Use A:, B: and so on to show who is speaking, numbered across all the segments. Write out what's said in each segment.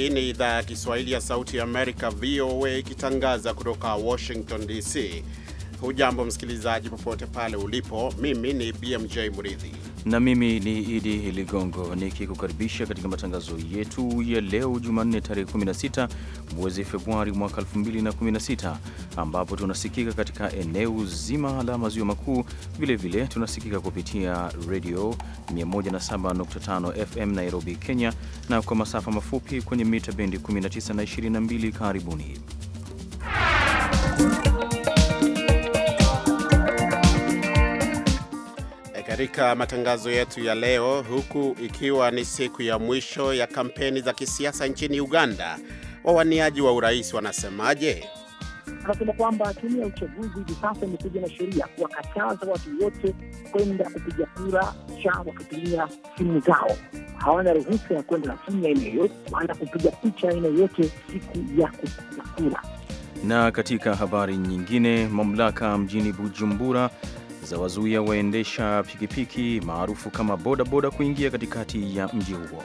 A: Hii ni idhaa ya Kiswahili ya Sauti ya Amerika, VOA, ikitangaza kutoka Washington DC. Hujambo msikilizaji, popote pale ulipo. Mimi ni BMJ Mridhi
B: na mimi ni Idi Ligongo nikikukaribisha katika matangazo yetu ya leo Jumanne tarehe 16 mwezi Februari mwaka 2016 ambapo tunasikika katika eneo zima la maziwa makuu. Vilevile tunasikika kupitia redio 107.5 FM Nairobi, Kenya, na kwa masafa mafupi kwenye mita bendi
A: 19 na 22. Karibuni. katika matangazo yetu ya leo, huku ikiwa ni siku ya mwisho ya kampeni za kisiasa nchini Uganda, wawaniaji wa urais wanasemaje?
C: Anasema kwamba tume ya uchaguzi hivi sasa imekuja na sheria kuwakataza watu wote kwenda kupiga kura cha wakitumia simu zao. Hawana ruhusa ya kwenda na simu aina yoyote wala kupiga picha aina yoyote siku ya kupiga kura.
B: Na katika habari nyingine, mamlaka mjini Bujumbura za wazuia waendesha pikipiki maarufu kama bodaboda kuingia katikati ya mji huo.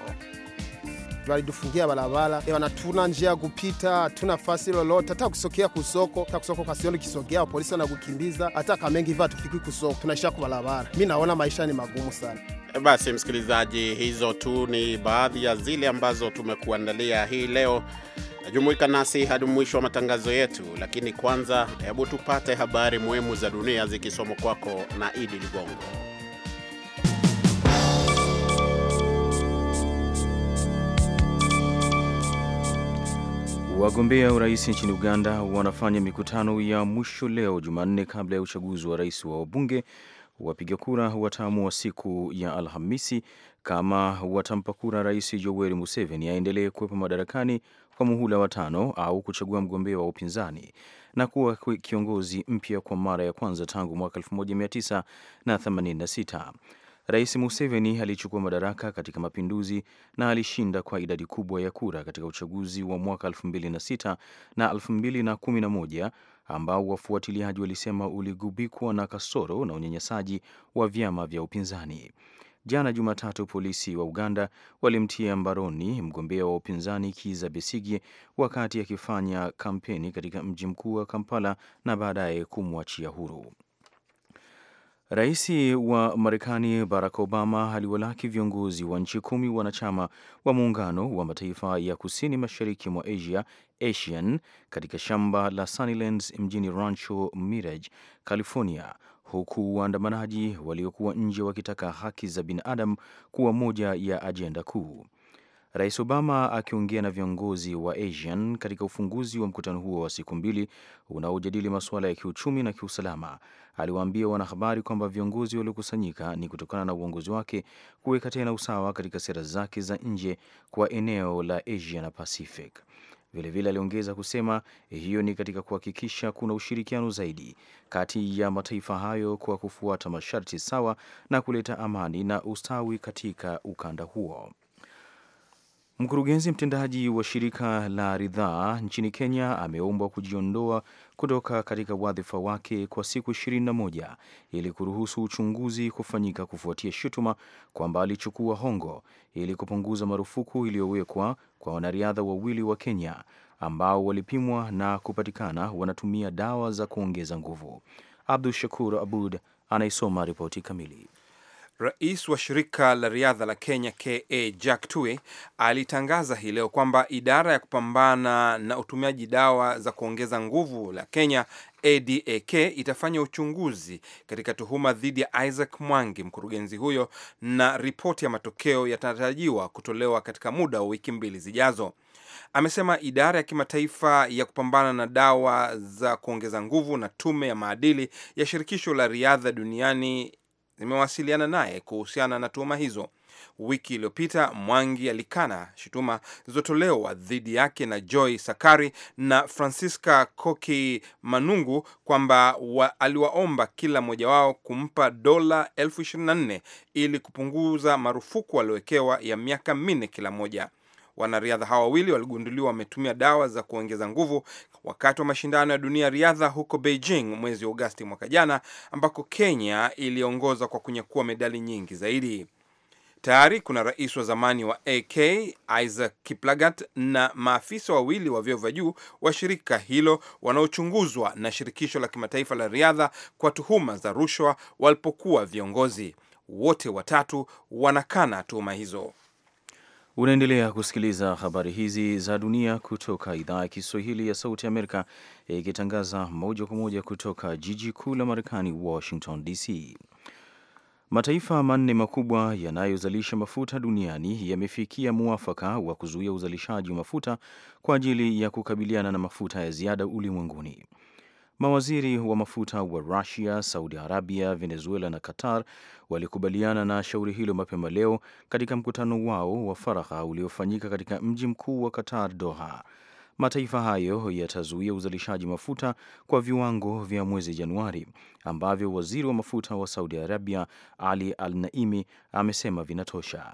A: Walidufungia barabara, eh, wanatuna njia ya kupita, hatuna fasi lolote, hata kusokea kusoko, hata kusoko kasioni kisogea, polisi wanakukimbiza, hata kamengi va hatufiki kusoko, tunaisha ku barabara. Mi naona maisha ni magumu sana. Eh, basi msikilizaji, hizo tu ni baadhi ya zile ambazo tumekuandalia hii leo Najumuika nasi hadi mwisho wa matangazo yetu, lakini kwanza, hebu tupate habari muhimu za dunia zikisomwa kwako na Idi Ligongo.
B: Wagombea urais nchini Uganda wanafanya mikutano ya mwisho leo Jumanne kabla ya uchaguzi wa rais wa wabunge. Wapiga kura wataamua siku ya Alhamisi kama watampa kura Rais Yoweri Museveni aendelee kuwepo madarakani kwa muhula wa tano au kuchagua mgombea wa upinzani na kuwa kiongozi mpya kwa mara ya kwanza tangu mwaka 1986. Rais Museveni alichukua madaraka katika mapinduzi na alishinda kwa idadi kubwa ya kura katika uchaguzi wa mwaka 2006 na 2011 ambao wafuatiliaji walisema uligubikwa na kasoro na unyanyasaji wa vyama vya upinzani. Jana Jumatatu, polisi wa Uganda walimtia mbaroni mgombea wa upinzani Kiza Besige wakati akifanya kampeni katika mji mkuu wa Kampala na baadaye kumwachia huru. Rais wa Marekani Barack Obama aliwalaki viongozi wa nchi kumi wanachama wa muungano wa mataifa ya kusini mashariki mwa Asia ASEAN katika shamba la Sunnylands mjini Rancho Mirage, California huku waandamanaji waliokuwa nje wakitaka haki za binadamu kuwa moja ya ajenda kuu. Rais Obama akiongea na viongozi wa ASEAN katika ufunguzi wa mkutano huo wa siku mbili unaojadili masuala ya kiuchumi na kiusalama, aliwaambia wanahabari kwamba viongozi waliokusanyika ni kutokana na uongozi wake kuweka tena usawa katika sera zake za nje kwa eneo la Asia na Pacific. Vilevile aliongeza kusema hiyo ni katika kuhakikisha kuna ushirikiano zaidi kati ya mataifa hayo kwa kufuata masharti sawa na kuleta amani na ustawi katika ukanda huo. Mkurugenzi mtendaji wa shirika la ridhaa nchini Kenya ameombwa kujiondoa kutoka katika wadhifa wake kwa siku 21 ili kuruhusu uchunguzi kufanyika kufuatia shutuma kwamba alichukua hongo ili kupunguza marufuku iliyowekwa kwa wanariadha wawili wa Kenya ambao walipimwa na kupatikana wanatumia dawa za kuongeza nguvu. Abdu Shakur Abud anaisoma ripoti kamili.
D: Rais wa shirika la riadha la Kenya ka Jack Tuwei alitangaza hii leo kwamba idara ya kupambana na utumiaji dawa za kuongeza nguvu la Kenya ADAK itafanya uchunguzi katika tuhuma dhidi ya Isaac Mwangi, mkurugenzi huyo, na ripoti ya matokeo yatatarajiwa kutolewa katika muda wa wiki mbili zijazo. Amesema idara ya kimataifa ya kupambana na dawa za kuongeza nguvu na tume ya maadili ya shirikisho la riadha duniani zimewasiliana naye kuhusiana na tuhuma hizo. Wiki iliyopita Mwangi alikana shutuma zilizotolewa dhidi yake na Joy Sakari na Francisca Koki Manungu kwamba wa, aliwaomba kila mmoja wao kumpa dola elfu ishirini na nne ili kupunguza marufuku aliyowekewa ya miaka minne kila moja. Wanariadha hawa wawili waligunduliwa wametumia dawa za kuongeza nguvu wakati wa mashindano ya dunia riadha huko Beijing mwezi Agosti mwaka jana, ambako Kenya iliongoza kwa kunyakua medali nyingi zaidi. Tayari kuna rais wa zamani wa AK Isaac Kiplagat na maafisa wawili wa vyeo vya juu wa shirika hilo wanaochunguzwa na shirikisho la kimataifa la riadha kwa tuhuma za rushwa walipokuwa viongozi. Wote watatu wanakana tuhuma hizo.
B: Unaendelea kusikiliza habari hizi za dunia kutoka idhaa ya Kiswahili ya Sauti Amerika ikitangaza moja kwa moja kutoka jiji kuu la Marekani, Washington DC. Mataifa manne makubwa yanayozalisha mafuta duniani yamefikia mwafaka wa kuzuia uzalishaji wa mafuta kwa ajili ya kukabiliana na mafuta ya ziada ulimwenguni. Mawaziri wa mafuta wa Rusia, Saudi Arabia, Venezuela na Qatar walikubaliana na shauri hilo mapema leo katika mkutano wao wa faragha uliofanyika katika mji mkuu wa Qatar, Doha. Mataifa hayo yatazuia uzalishaji mafuta kwa viwango vya mwezi Januari ambavyo waziri wa mafuta wa Saudi Arabia Ali Al Naimi amesema vinatosha.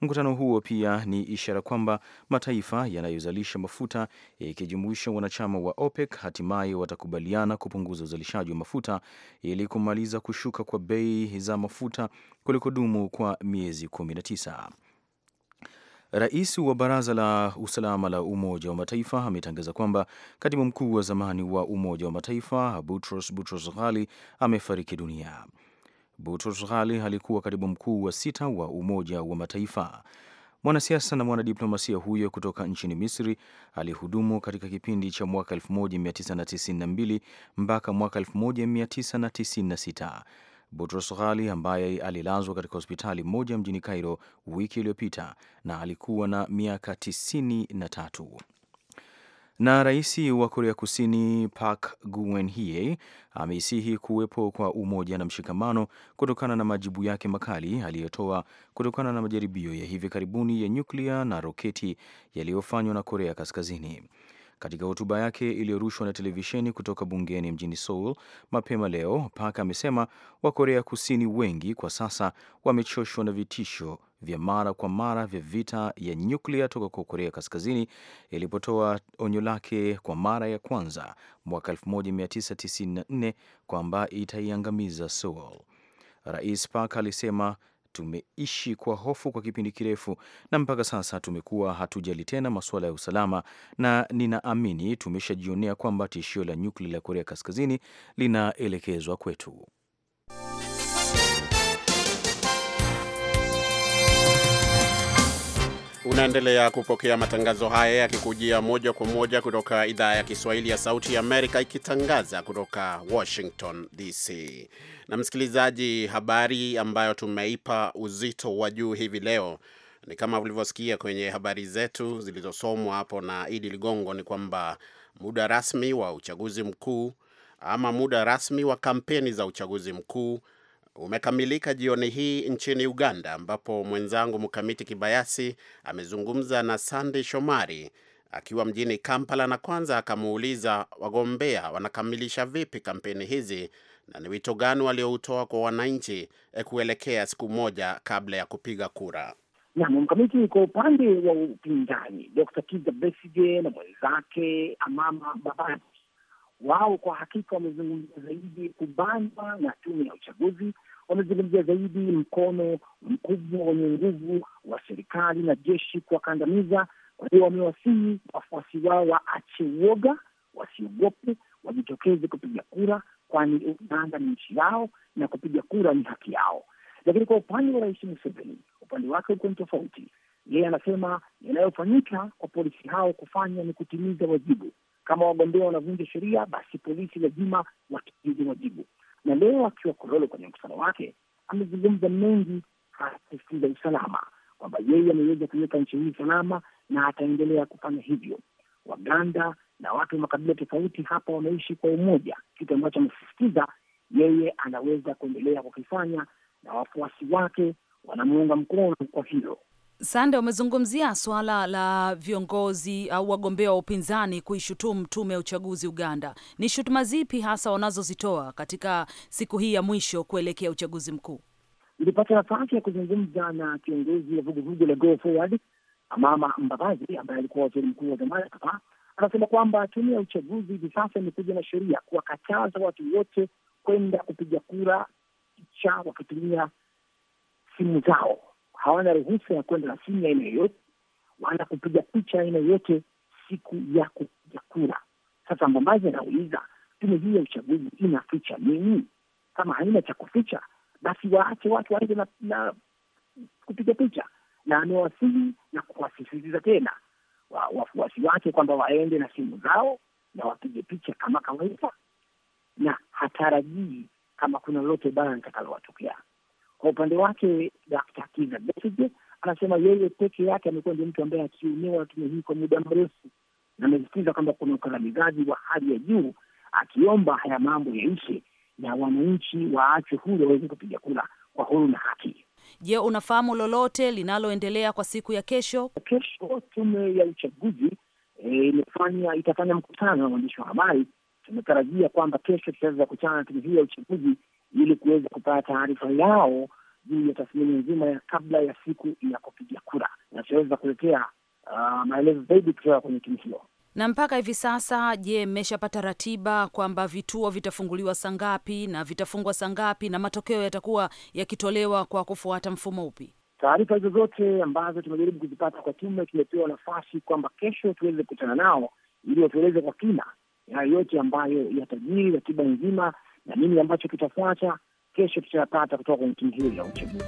B: Mkutano huo pia ni ishara kwamba mataifa yanayozalisha mafuta ikijumuisha wanachama wa OPEC hatimaye watakubaliana kupunguza uzalishaji wa mafuta ili kumaliza kushuka kwa bei za mafuta kulikodumu kwa miezi 19. Rais wa Baraza la Usalama la Umoja wa Mataifa ametangaza kwamba katibu mkuu wa zamani wa Umoja wa Mataifa Boutros Boutros Ghali amefariki dunia. Boutros Ghali alikuwa katibu mkuu wa sita wa Umoja wa Mataifa. Mwanasiasa na mwanadiplomasia huyo kutoka nchini Misri alihudumu katika kipindi cha mwaka 1992 mpaka mwaka 1996. Boutros Ghali ambaye alilazwa katika hospitali moja mjini Cairo wiki iliyopita na alikuwa na miaka 93. Na rais wa Korea Kusini Park Geun-hye ameisihi kuwepo kwa umoja na mshikamano kutokana na majibu yake makali aliyotoa kutokana na majaribio ya hivi karibuni ya nyuklia na roketi yaliyofanywa na Korea Kaskazini. Katika hotuba yake iliyorushwa na televisheni kutoka bungeni mjini Seoul mapema leo, Park amesema Wakorea Kusini wengi kwa sasa wamechoshwa na vitisho vya mara kwa mara vya vita ya nyuklia toka kwa Korea Kaskazini ilipotoa onyo lake kwa mara ya kwanza mwaka 1994 kwamba itaiangamiza Seoul. Rais Park alisema tumeishi kwa hofu kwa kipindi kirefu na mpaka sasa tumekuwa hatujali tena masuala ya usalama, na ninaamini tumeshajionea kwamba tishio la nyuklia la Korea Kaskazini linaelekezwa kwetu.
A: Unaendelea kupokea matangazo haya yakikujia moja kwa moja kutoka idhaa ya Kiswahili ya Sauti ya Amerika ikitangaza kutoka Washington DC. Na msikilizaji, habari ambayo tumeipa uzito wa juu hivi leo ni kama ulivyosikia kwenye habari zetu zilizosomwa hapo na Idi Ligongo, ni kwamba muda rasmi wa uchaguzi mkuu ama muda rasmi wa kampeni za uchaguzi mkuu umekamilika jioni hii nchini Uganda, ambapo mwenzangu Mkamiti Kibayasi amezungumza na Sandey Shomari akiwa mjini Kampala, na kwanza akamuuliza wagombea wanakamilisha vipi kampeni hizi na ni wito gani walioutoa kwa wananchi eh, kuelekea siku moja kabla ya kupiga kura.
C: Nam Mkamiti, kwa upande wa upinzani, Dr. Kizza Besigye na mwenzake Amama babaji wao kwa hakika wamezungumza zaidi kubanwa na tume ya uchaguzi wamezungumzia zaidi mkono mkubwa wenye nguvu wa serikali na jeshi kuwakandamiza. Kwa hiyo wamewasihi wafuasi wao waache uoga, wasiogope, wajitokeze kupiga kura, kwani Uganda ni nchi yao na kupiga kura ni haki yao. Lakini kwa upande wa Rais Museveni, upande wake uko ni tofauti. Yeye anasema yanayofanyika kwa polisi hao kufanya ni kutimiza wajibu. Kama wagombea wanavunja sheria, basi polisi lazima watimize wajibu na leo akiwa Kololo kwenye mkutano wake amezungumza mengi hasifu usalama, kwamba yeye ameweza kuiweka nchi hii salama na ataendelea kufanya hivyo. Waganda na watu wa makabila tofauti hapa wanaishi kwa umoja, kitu ambacho amesisitiza yeye anaweza kuendelea kukifanya na wafuasi wake wanamuunga mkono kwa hilo.
E: Sande, umezungumzia swala la viongozi au wagombea wa upinzani kuishutumu tume ya uchaguzi Uganda. Ni shutuma zipi hasa wanazozitoa katika siku hii ya mwisho kuelekea uchaguzi mkuu?
C: Nilipata nafasi ya kuzungumza na kiongozi wa vuguvugu la Go Forward, Amama Mbabazi, ambaye alikuwa waziri mkuu wa zamani hapa. Anasema kwamba tume ya uchaguzi hivi sasa imekuja na sheria kuwakataza watu wote kwenda kupiga kura, picha wakitumia simu zao hawana ruhusa ya kwenda na simu ya aina yoyote wala kupiga picha aina yoyote siku ya kupiga kura. Sasa Mbambazi anauliza tume hii ya uchaguzi inaficha nini? Kama haina cha kuficha, basi waache watu waende na, na kupiga picha. Na amewasili na kuwasisitiza tena wafuasi wake kwamba waende na simu zao na wapige picha kama kawaida, na hatarajii kama kuna lolote baya litakalowatokea. Kwa upande wake Dkt. Kizza Besigye anasema yeye peke yake amekuwa ndio mtu ambaye akiumiwa na tume hii kwa muda mrefu, na amesisitiza kwamba kuna ukandamizaji wa hali ya juu, akiomba haya mambo yaishe na wananchi waachwe huru waweze kupiga kura kwa huru na haki.
E: Je, unafahamu lolote linaloendelea kwa siku ya kesho?
C: Kesho tume ya uchaguzi e, imefanya e, itafanya mkutano na waandishi wa habari. tumetarajia kwamba kesho tutaweza kukutana na tume hii ya uchaguzi ili kuweza kupata taarifa yao juu ya tathmini nzima ya kabla ya siku ya kupiga kura, na tutaweza kuletea uh, maelezo zaidi kutoka kwenye timu hiyo.
E: Na mpaka hivi sasa, je, mmeshapata ratiba kwamba vituo vitafunguliwa saa ngapi na vitafungwa saa ngapi na matokeo yatakuwa yakitolewa kwa kufuata mfumo upi?
C: Taarifa hizo zote ambazo tumejaribu kuzipata kwa tume, tumepewa nafasi kwamba kesho tuweze kukutana nao ili watueleze kwa kina yayo yote ambayo yatajiri, ratiba nzima na nini ambacho kitafuata kesho tutayapata kutoka kwenye timu hiyo ya uchaguzi.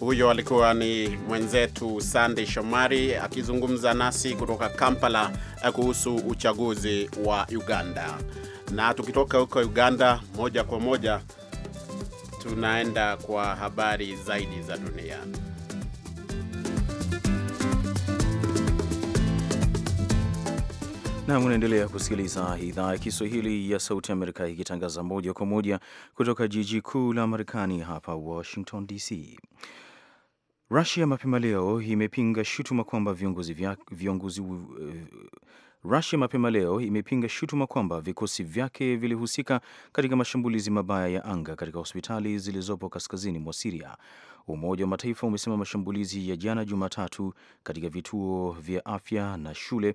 A: Huyo alikuwa ni mwenzetu Sandey Shomari akizungumza nasi kutoka Kampala eh, kuhusu uchaguzi wa Uganda. Na tukitoka huko Uganda moja kwa moja tunaenda kwa habari zaidi za dunia.
B: na unaendelea kusikiliza idhaa ya Kiswahili ya Sauti Amerika ikitangaza moja kwa moja kutoka jiji kuu la Marekani hapa Washington DC. Rusia mapema leo imepinga shutuma kwamba viongozi, vya, viongozi uh, Rusia mapema leo imepinga shutuma kwamba vikosi vyake vilihusika katika mashambulizi mabaya ya anga katika hospitali zilizopo kaskazini mwa Siria. Umoja wa Mataifa umesema mashambulizi ya jana Jumatatu katika vituo vya afya na shule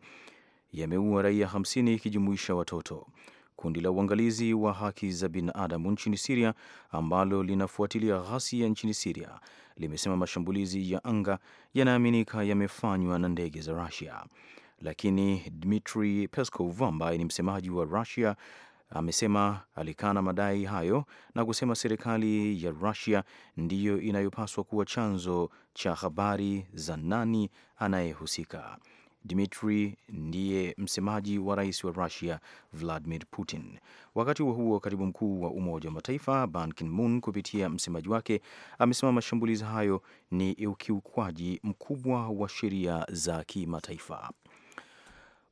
B: yameua raia 50 ikijumuisha watoto. Kundi la uangalizi wa haki za binadamu nchini Siria ambalo linafuatilia ghasia nchini Siria limesema mashambulizi ya anga yanaaminika yamefanywa na ndege za Rusia lakini Dmitri Peskov ambaye ni msemaji wa Rusia amesema alikana madai hayo na kusema serikali ya Rusia ndiyo inayopaswa kuwa chanzo cha habari za nani anayehusika. Dmitri ndiye msemaji wa rais wa Rusia Vladimir Putin. Wakati huo huo, katibu mkuu wa Umoja wa Mataifa Ban Ki-moon kupitia msemaji wake amesema mashambulizi hayo ni ukiukwaji mkubwa wa sheria za kimataifa.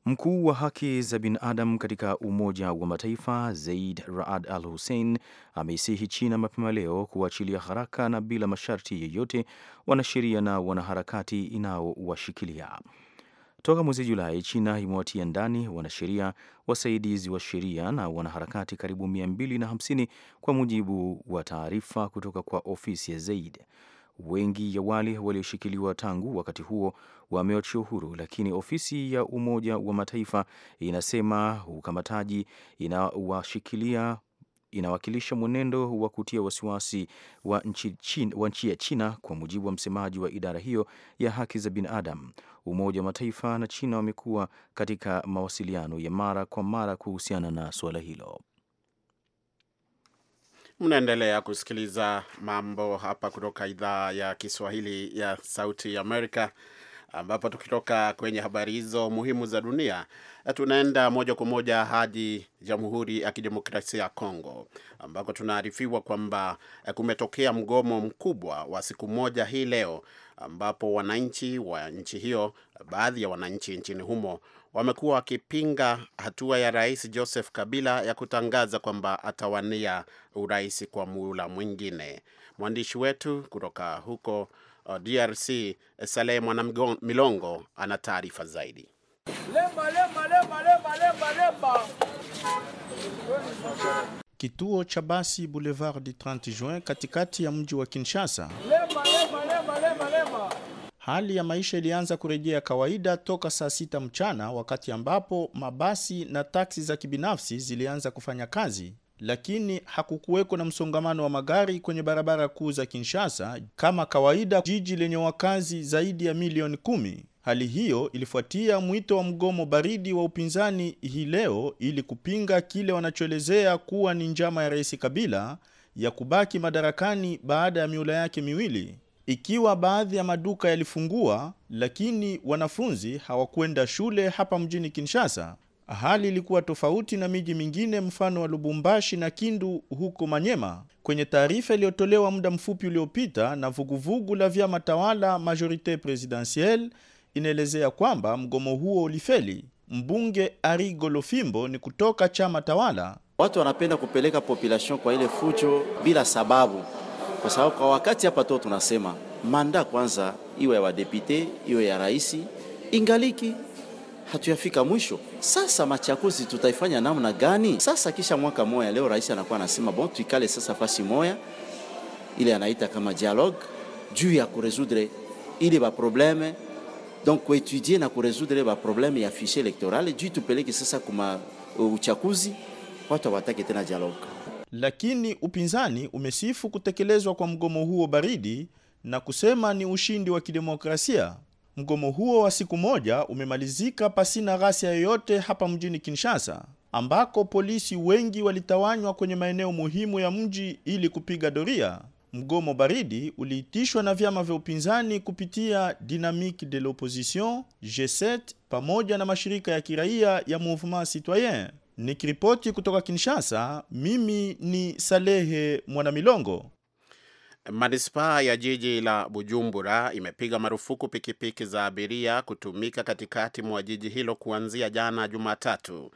B: Mkuu wa haki za binadamu katika Umoja wa Mataifa Zaid Raad Al Hussein ameisihi China mapema leo kuachilia haraka na bila masharti yoyote wanasheria na wanaharakati inaowashikilia toka mwezi Julai. China imewatia ndani wanasheria, wasaidizi wa sheria na wanaharakati karibu 250 kwa mujibu wa taarifa kutoka kwa ofisi ya Zaid. Wengi ya wale walioshikiliwa tangu wakati huo wameachia uhuru, lakini ofisi ya Umoja wa Mataifa inasema ukamataji inawashikilia inawakilisha mwenendo wa kutia wasiwasi wa nchi, wa nchi ya China, kwa mujibu wa msemaji wa idara hiyo ya haki za binadamu. Umoja wa Mataifa na China wamekuwa katika mawasiliano ya mara kwa mara kuhusiana na suala hilo.
A: Mnaendelea kusikiliza mambo hapa kutoka idhaa ya Kiswahili ya Sauti ya Amerika ambapo tukitoka kwenye habari hizo muhimu za dunia tunaenda moja kwa moja hadi Jamhuri ya Kidemokrasia ya Kongo ambako tunaarifiwa kwamba eh, kumetokea mgomo mkubwa wa siku moja hii leo, ambapo wananchi wa nchi hiyo, baadhi ya wananchi nchini humo wamekuwa wakipinga hatua ya Rais Joseph Kabila ya kutangaza kwamba atawania urais kwa muula mwingine. Mwandishi wetu kutoka huko Uh, DRC. Eh, Saleh Mwanamilongo Milongo ana taarifa zaidi.
F: Lemba, lemba, lemba, lemba, lemba, lemba.
G: Kituo cha basi Boulevard du 30 Juin katikati ya mji wa Kinshasa.
F: Lemba, lemba, lemba, lemba, lemba.
G: Hali ya maisha ilianza kurejea kawaida toka saa sita mchana wakati ambapo mabasi na taksi za kibinafsi zilianza kufanya kazi lakini hakukuweko na msongamano wa magari kwenye barabara kuu za Kinshasa kama kawaida, jiji lenye wakazi zaidi ya milioni kumi. Hali hiyo ilifuatia mwito wa mgomo baridi wa upinzani hii leo ili kupinga kile wanachoelezea kuwa ni njama ya Rais Kabila ya kubaki madarakani baada ya miula yake miwili. Ikiwa baadhi ya maduka yalifungua, lakini wanafunzi hawakwenda shule hapa mjini Kinshasa Hali ilikuwa tofauti na miji mingine mfano wa Lubumbashi na Kindu huko Manyema. Kwenye taarifa iliyotolewa muda mfupi uliopita na vuguvugu la vyama tawala Majorite Presidentielle inaelezea kwamba mgomo huo ulifeli. Mbunge Ari Lofimbo ni kutoka chama tawala. Watu wanapenda kupeleka population kwa ile fujo bila sababu, kwa sababu kwa wakati hapa to tunasema manda kwanza iwe ya wadepute iwe ya raisi ingaliki hatuyafika mwisho. Sasa machakuzi tutaifanya namna gani? Sasa kisha mwaka moya, leo rais anakuwa anasema bon, tuikale sasa fasi moya, ile anaita kama dialogue juu ya kuresudre ile ba probleme donc kuetudie na kuresudre ba probleme ya fiche elektorale juu tupeleke sasa kuma euh, uchakuzi, watu hawataki tena dialogue. Lakini upinzani umesifu kutekelezwa kwa mgomo huo baridi na kusema ni ushindi wa kidemokrasia. Mgomo huo wa siku moja umemalizika pasina ghasia yoyote hapa mjini Kinshasa ambako polisi wengi walitawanywa kwenye maeneo muhimu ya mji ili kupiga doria. Mgomo baridi uliitishwa na vyama vya upinzani kupitia Dynamique de l'Opposition, G7 pamoja na mashirika ya kiraia ya Mouvement Citoyen. Nikiripoti kutoka Kinshasa, mimi ni Salehe Mwanamilongo.
A: Manispaa ya jiji la Bujumbura imepiga marufuku pikipiki za abiria kutumika katikati mwa jiji hilo kuanzia jana Jumatatu.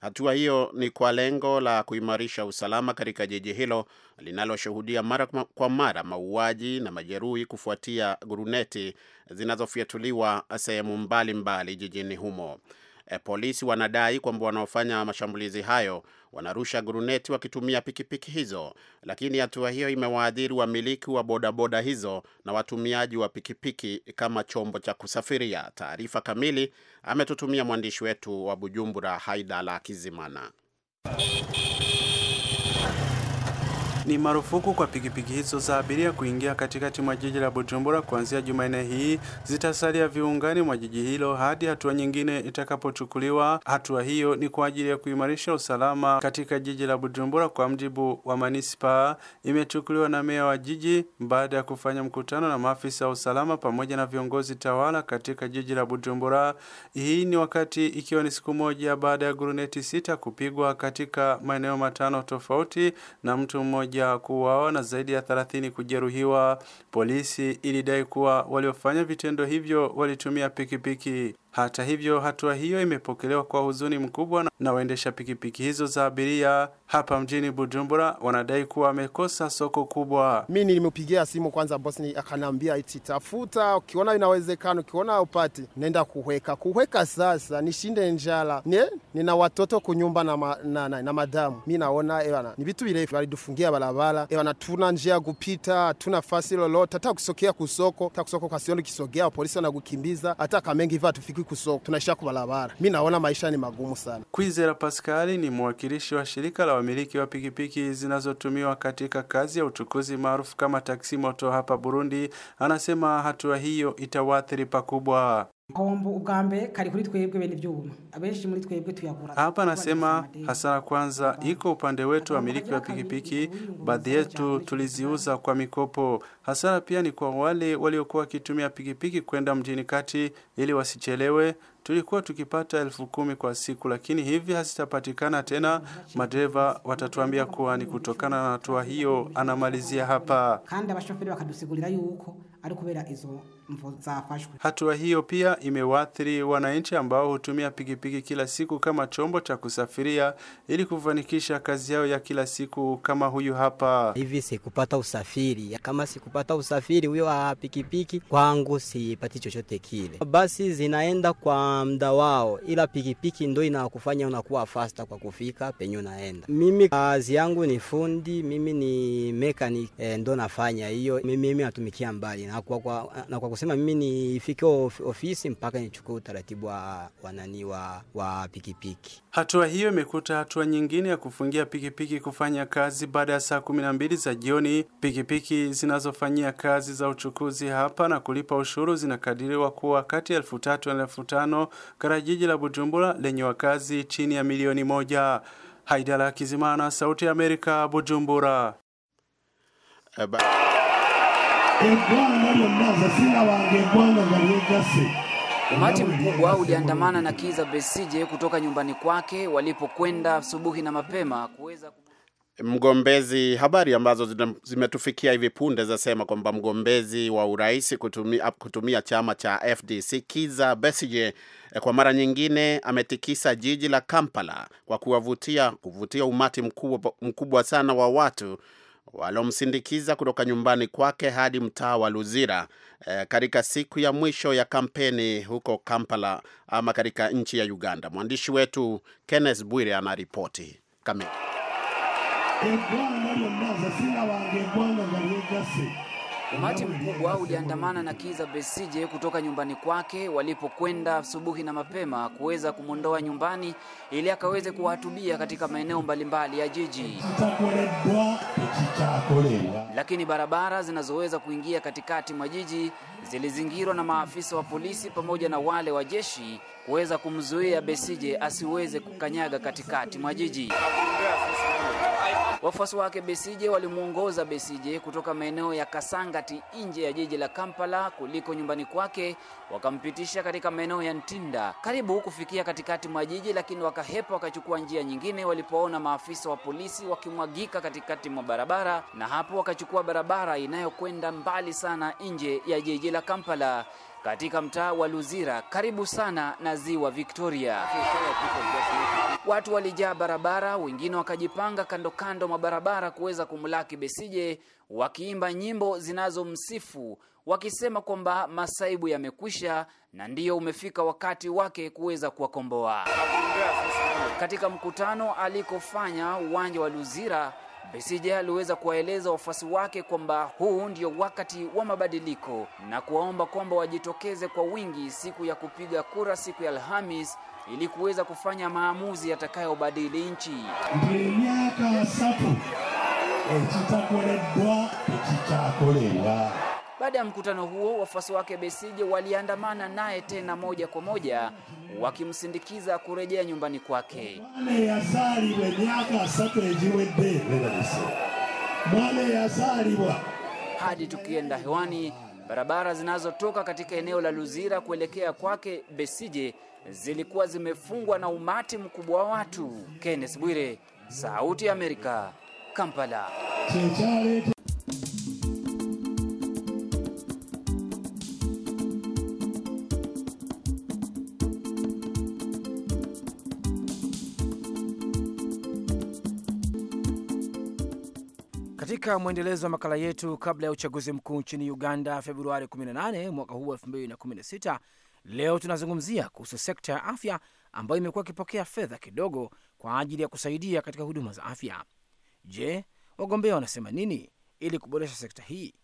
A: Hatua hiyo ni kwa lengo la kuimarisha usalama katika jiji hilo linaloshuhudia mara kwa mara mauaji na majeruhi kufuatia guruneti zinazofyatuliwa sehemu mbalimbali jijini humo. E, polisi wanadai kwamba wanaofanya mashambulizi hayo wanarusha guruneti wakitumia pikipiki hizo, lakini hatua hiyo imewaadhiri wamiliki wa bodaboda boda hizo na watumiaji wa pikipiki kama chombo cha kusafiria. Taarifa kamili ametutumia mwandishi wetu wa Bujumbura, Haidala Kizimana.
H: Ni marufuku kwa pikipiki hizo za abiria kuingia katikati mwa jiji la Bujumbura kuanzia Jumanne hii, zitasalia viungani mwa jiji hilo hadi hatua nyingine itakapochukuliwa. Hatua hiyo ni kwa ajili ya kuimarisha usalama katika jiji la Bujumbura, kwa mjibu wa manispa, imechukuliwa na meya wa jiji baada ya kufanya mkutano na maafisa wa usalama pamoja na viongozi tawala katika jiji la Bujumbura. Hii ni wakati ikiwa ni siku moja baada ya guruneti sita kupigwa katika maeneo matano tofauti na mtu mmoja ya kuwaona zaidi ya 30 kujeruhiwa. Polisi ilidai kuwa waliofanya vitendo hivyo walitumia pikipiki. Hata hivyo, hatua hiyo imepokelewa kwa huzuni mkubwa na waendesha pikipiki hizo za abiria hapa mjini Bujumbura, wanadai kuwa wamekosa soko kubwa.
A: Mi nilimpigia simu kwanza boss, ni akaniambia iti tafuta, ukiona inawezekana, ukiona upati nenda kuweka kuweka. Sasa nishinde njala ne, nina watoto kunyumba na, ma, na, na, na madamu mi naona ewana eh, ni vitu virefu, walidufungia barabara ewana, eh, tuna njia ya kupita, tuna fasi lolote, hata kusokea kusoko, hata kusoko kasioni kisogea, polisi wanagukimbiza, hata kamengi vatu wapi kusoko, tunaishia kubarabara. Mi naona maisha ni magumu sana.
H: Kwizera paskali ni mwakilishi wa shirika la wamiliki wa pikipiki zinazotumiwa katika kazi ya uchukuzi maarufu kama taksi moto hapa Burundi. Anasema hatua hiyo itawaathiri pakubwa.
E: Gombo ugambe kari kuri twebwe bene vyuma. Abenshi muri tuyagura.
H: Hapa nasema hasara kwanza iko upande wetu wa miliki wa pikipiki, baadhi yetu tuliziuza kwa mikopo. Hasara pia ni kwa wale waliokuwa wakitumia pikipiki kwenda mjini kati ili wasichelewe. Tulikuwa tukipata elfu kumi kwa siku, lakini hivi hazitapatikana tena. Madereva watatuambia kuwa ni kutokana na hatua hiyo. Anamalizia hapa
E: kandi abashoferi wakadusigulira yuko ari kubera izo
H: Hatua hiyo pia imewaathiri wananchi ambao hutumia pikipiki kila siku kama chombo cha kusafiria ili kufanikisha kazi yao ya kila siku, kama huyu hapa
I: hivi. Sikupata usafiri, kama sikupata usafiri huyo wa pikipiki kwangu, sipati chochote kile. Basi zinaenda kwa mda wao, ila pikipiki ndo inakufanya unakuwa fasta kwa kufika penye unaenda. Mimi kazi yangu ni fundi, mimi ni mechanic, eh, ndo nafanya hiyo mimi, mimi natumikia mbali na kwa, kwa, na kwa kusema mimi nifike ofisi mpaka nichukue utaratibu wa wanani wa, wa pikipiki.
H: Hatua hiyo imekuta hatua nyingine ya kufungia pikipiki kufanya kazi baada ya saa kumi na mbili za jioni. Pikipiki zinazofanyia kazi za uchukuzi hapa na kulipa ushuru zinakadiriwa kuwa kati ya elfu tatu na elfu tano katika jiji la Bujumbura lenye wakazi chini ya milioni moja. haidala Kizimana, Sauti ya Amerika, Bujumbura. Aba
I: Umati mkubwa
H: uliandamana na Kiza
I: Besije kutoka nyumbani kwake walipokwenda asubuhi na mapema kuweza
A: mgombezi. Habari ambazo zimetufikia hivi punde zasema kwamba mgombezi wa urais kutumia, ah, kutumia chama cha FDC Kiza Besije eh, kwa mara nyingine ametikisa jiji la Kampala kwa kuwavutia kuvutia umati mkubwa, mkubwa sana wa watu walomsindikiza kutoka nyumbani kwake hadi mtaa wa Luzira eh, katika siku ya mwisho ya kampeni huko Kampala ama katika nchi ya Uganda. Mwandishi wetu Kenneth Bwire anaripoti kamili.
I: Umati mkubwa uliandamana na Kiza Besije kutoka nyumbani kwake walipokwenda asubuhi na mapema kuweza kumwondoa nyumbani ili akaweze kuwahutubia katika maeneo mbalimbali ya jiji. Lakini barabara zinazoweza kuingia katikati mwa jiji zilizingirwa na maafisa wa polisi pamoja na wale wa jeshi kuweza kumzuia Besije asiweze kukanyaga katikati mwa jiji. Wafuasi wake Besije walimwongoza Besije kutoka maeneo ya Kasangati nje ya jiji la Kampala kuliko nyumbani kwake, wakampitisha katika maeneo ya Ntinda karibu kufikia katikati mwa jiji, lakini wakahepa wakachukua njia nyingine walipoona maafisa wa polisi wakimwagika katikati mwa barabara, na hapo wakachukua barabara inayokwenda mbali sana nje ya jiji la Kampala katika mtaa wa Luzira karibu sana na ziwa Victoria. Watu walijaa barabara, wengine wakajipanga kando kando mwa barabara kuweza kumlaki Besije, wakiimba nyimbo zinazomsifu wakisema kwamba masaibu yamekwisha na ndiyo umefika wakati wake kuweza kuwakomboa. Katika mkutano alikofanya uwanja wa Luzira Besije aliweza kuwaeleza wafuasi wake kwamba huu ndio wakati wa mabadiliko na kuwaomba kwamba wajitokeze kwa wingi siku ya kupiga kura siku ya Alhamis ili kuweza kufanya maamuzi yatakayobadili nchi. Baada ya mkutano huo, wafuasi wake Besije waliandamana naye tena moja kwa moja wakimsindikiza kurejea nyumbani kwake. Hadi tukienda hewani, barabara zinazotoka katika eneo la Luzira kuelekea kwake Besije zilikuwa zimefungwa na umati mkubwa wa watu. Kenneth Bwire, Sauti ya Amerika, Kampala.
F: katika mwendelezo wa makala yetu kabla ya uchaguzi mkuu nchini Uganda Februari 18 mwaka huu 2016, leo tunazungumzia kuhusu sekta ya afya ambayo imekuwa ikipokea fedha kidogo kwa ajili ya kusaidia katika huduma za afya. Je, wagombea wanasema nini ili kuboresha sekta hii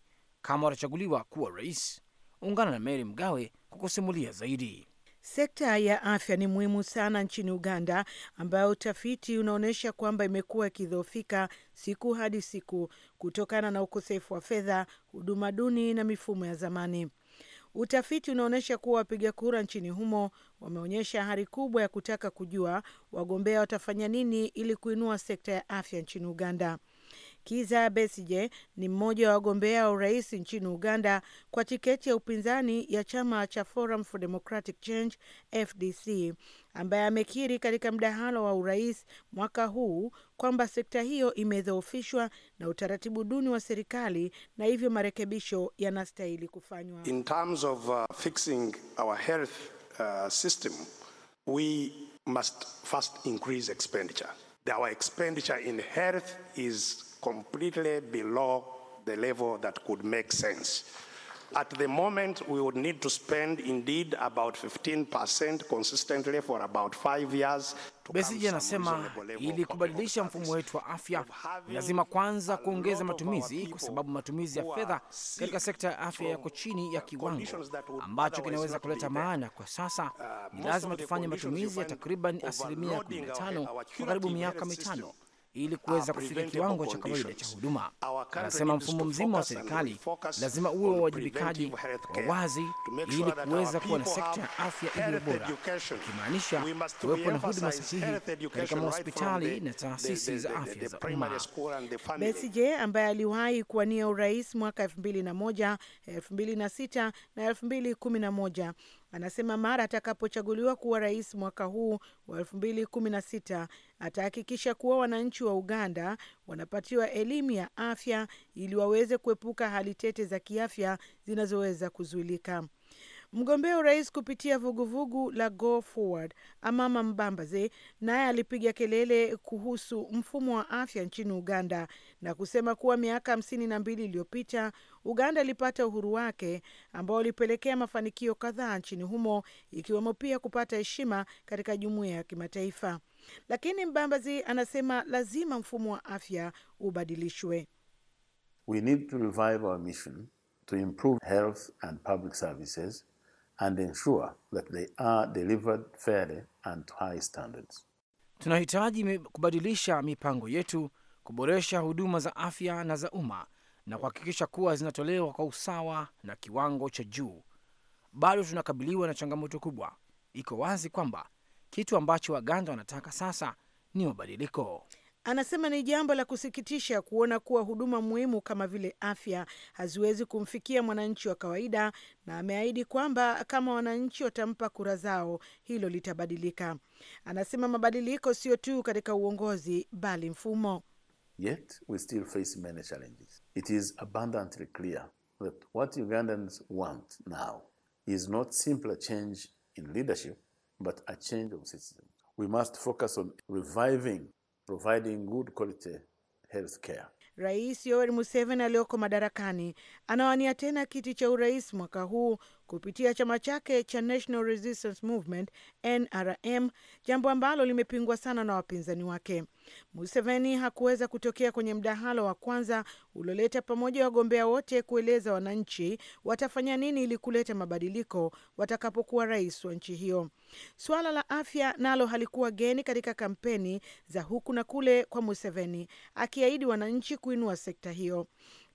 F: kama watachaguliwa kuwa rais? Ungana na Mary Mgawe kwa kusimulia zaidi.
E: Sekta ya afya ni muhimu sana nchini Uganda, ambayo utafiti unaonyesha kwamba imekuwa ikidhoofika siku hadi siku kutokana na ukosefu wa fedha, huduma duni na mifumo ya zamani. Utafiti unaonyesha kuwa wapiga kura nchini humo wameonyesha hari kubwa ya kutaka kujua wagombea watafanya nini ili kuinua sekta ya afya nchini Uganda. Kiza Besije ni mmoja wa wagombea wa urais nchini Uganda kwa tiketi ya upinzani ya chama cha Forum for Democratic Change FDC, ambaye amekiri katika mdahalo wa urais mwaka huu kwamba sekta hiyo imedhoofishwa na utaratibu duni wa serikali na hivyo marekebisho yanastahili kufanywa.
G: In terms of uh, fixing our health uh, system, we must first increase expenditure. Our expenditure in health is completely below the level that could make sense. At the moment, we would need to spend indeed about 15% consistently for about
F: five
C: years. Besigye anasema ili
F: kubadilisha mfumo wetu wa afya lazima kwanza kuongeza matumizi, kwa sababu matumizi ya fedha katika sekta ya afya yako chini ya kiwango ambacho kinaweza kuleta maana. Kwa sasa uh, ni lazima tufanye matumizi ya takriban asilimia 15 kwa karibu miaka mitano ili kuweza ah, kufika kiwango cha kawaida cha huduma. Anasema mfumo mzima wa serikali lazima uwe uwajibikaji wa wazi ili kuweza kuwa na sekta ya afya iliyo bora, ikimaanisha kuwepo na huduma sahihi katika mahospitali na taasisi za afya za umma.
E: Besigye ambaye aliwahi kuwania urais mwaka 2001, 2006 na 2011 anasema mara atakapochaguliwa kuwa rais mwaka huu wa 2016 atahakikisha kuwa wananchi wa Uganda wanapatiwa elimu ya afya ili waweze kuepuka hali tete za kiafya zinazoweza kuzuilika. Mgombea urais kupitia vuguvugu vugu la Go Forward Amama Mbambaze naye alipiga kelele kuhusu mfumo wa afya nchini Uganda na kusema kuwa miaka hamsini na mbili iliyopita Uganda ilipata uhuru wake ambao ulipelekea mafanikio kadhaa nchini humo ikiwemo pia kupata heshima katika jumuiya ya kimataifa. Lakini Mbambazi anasema lazima mfumo wa afya ubadilishwe.
A: We need to revive our mission to improve health and public services and ensure that they are delivered fairly and to
F: high standards. Tunahitaji kubadilisha mipango yetu, kuboresha huduma za afya na za umma na kuhakikisha kuwa zinatolewa kwa usawa na kiwango cha juu. Bado tunakabiliwa na changamoto kubwa. Iko wazi kwamba kitu ambacho Waganda wanataka sasa ni mabadiliko.
E: Anasema ni jambo la kusikitisha kuona kuwa huduma muhimu kama vile afya haziwezi kumfikia mwananchi wa kawaida, na ameahidi kwamba kama wananchi watampa kura zao hilo litabadilika. Anasema mabadiliko sio tu katika uongozi, bali mfumo.
A: Yet we still face many challenges. It is abundantly clear that what Ugandans want now is not change in leadership but a change of system. We must focus on reviving, providing good quality health care.
E: Rais Yoweri Museveni aliyoko madarakani anawania tena kiti cha urais mwaka huu kupitia chama chake cha National Resistance Movement NRM, jambo ambalo limepingwa sana na wapinzani wake. Museveni hakuweza kutokea kwenye mdahalo wa kwanza ulioleta pamoja wagombea wote kueleza wananchi watafanya nini ili kuleta mabadiliko watakapokuwa rais wa nchi hiyo. Suala la afya nalo halikuwa geni katika kampeni za huku na kule kwa Museveni, akiahidi wananchi kuinua sekta hiyo.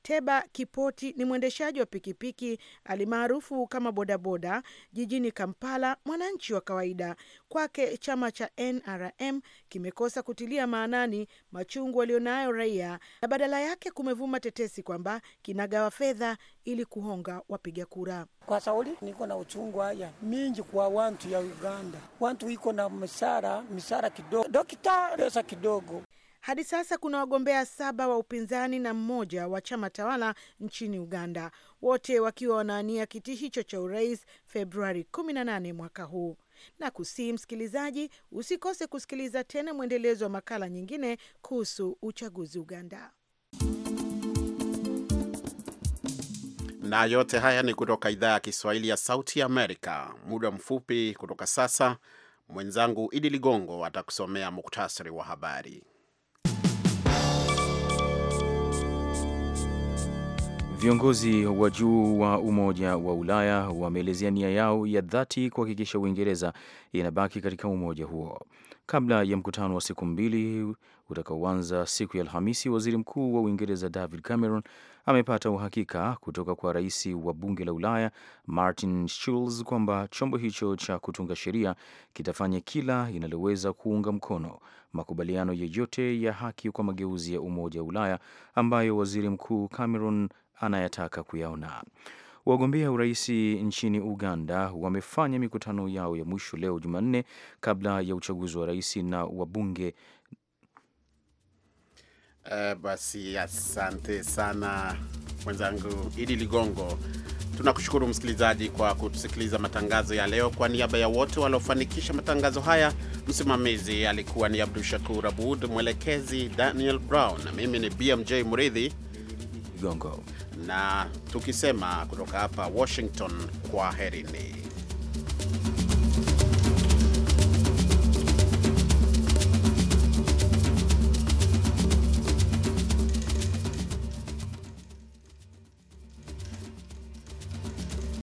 E: Teba Kipoti ni mwendeshaji wa pikipiki alimaarufu kama bodaboda jijini Kampala, mwananchi wa kawaida. Kwake chama cha NRM kimekosa kutilia maanani machungu alionayo raia na badala yake kumevuma tetesi kwamba kinagawa fedha ili kuhonga wapiga kura.
F: Kwa sauli niko na uchungu haya mingi kwa wantu ya Uganda, wantu iko na misara misara kidogo, dokita pesa kidogo
E: hadi sasa kuna wagombea saba wa upinzani na mmoja wa chama tawala nchini Uganda, wote wakiwa wanaania kiti hicho cha urais Februari 18 mwaka huu. Na kusihi msikilizaji, usikose kusikiliza tena mwendelezo wa makala nyingine kuhusu uchaguzi Uganda.
A: Na yote haya ni kutoka idhaa ya Kiswahili ya Sauti Amerika. Muda mfupi kutoka sasa, mwenzangu Idi Ligongo atakusomea muktasari wa habari.
B: Viongozi wa juu wa Umoja wa Ulaya wameelezea nia yao ya dhati kuhakikisha Uingereza inabaki katika umoja huo kabla ya mkutano wa siku mbili utakaoanza siku ya Alhamisi. Waziri Mkuu wa Uingereza David Cameron amepata uhakika kutoka kwa rais wa bunge la Ulaya Martin Schulz kwamba chombo hicho cha kutunga sheria kitafanya kila inaloweza kuunga mkono makubaliano yoyote ya haki kwa mageuzi ya umoja wa Ulaya ambayo waziri mkuu Cameron anayataka kuyaona. Wagombea urais nchini Uganda wamefanya mikutano yao ya mwisho leo Jumanne kabla ya uchaguzi wa rais na wabunge.
A: Uh, basi asante sana mwenzangu Idi Ligongo. Tunakushukuru msikilizaji kwa kusikiliza matangazo ya leo. Kwa niaba ya wote waliofanikisha matangazo haya, msimamizi alikuwa ni Abdu Shakur Abud, mwelekezi Daniel Brown, mimi ni BMJ Muridhi Ligongo na tukisema kutoka hapa Washington, kwa herini